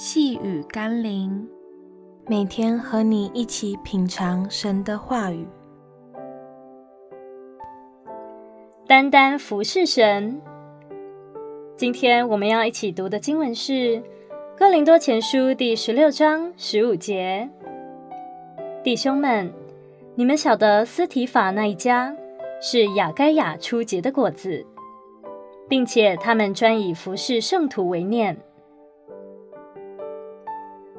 細語甘霖，每天和你一起品嘗神的話語。單單服事神。今天我們要一起讀的經文是《哥林多前書》第十六章十五節。弟兄們，你們曉得，斯提法那一家是亞該亞初結的果子，並且他們專以服事聖徒為念。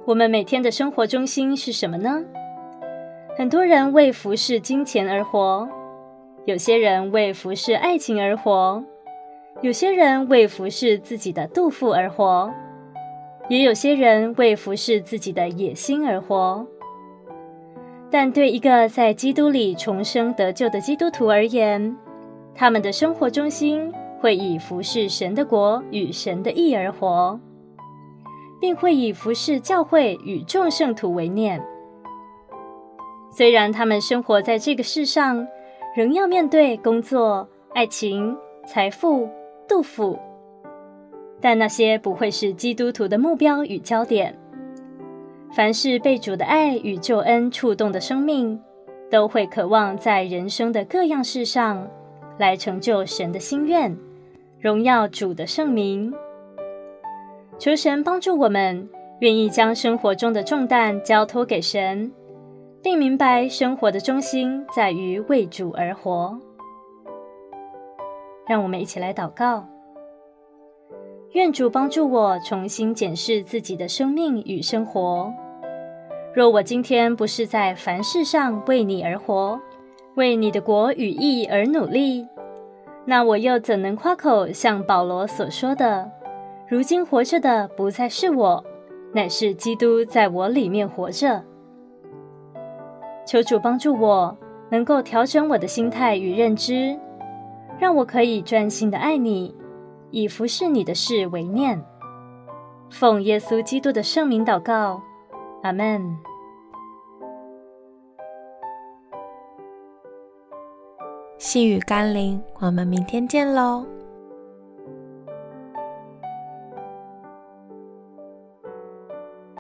我們每天的生活中心是什麼呢？很多人為服侍金錢而活，有些人為服侍愛情而活，有些人為服侍自己的肚腹而活，也有些人為服侍自己的野心而活。但對一個在基督裡重生得救的基督徒而言，他們的生活中心會以服侍神的國與神的義而活。並會以服事教會與眾聖徒為念。雖然他們生活在這個世上，仍要面對工作、愛情、財富、肚腹，但那些不會是基督徒的目標與焦點。凡是被主的愛與救恩觸動的生命，都會渴望在人生的各樣事上，來成就神的心願，榮耀主的聖名。求神幫助我們，願意將生活中的重擔交托給神，並明白生活的中心在於為主而活。讓我們一起來禱告：願主幫助我重新檢視自己的生命與生活。若我今天不是在凡事上為你而活，為你的國與義而努力，那我又怎能誇口像保羅所說的？如今活着的不再是我，乃是基督在我裡面活着。求主幫助我，能夠調整我的心態與認知，讓我可以專心的愛你，以服侍你的事為念。奉耶穌基督的聖名禱告，阿們。細語甘霖，我們明天見嘍。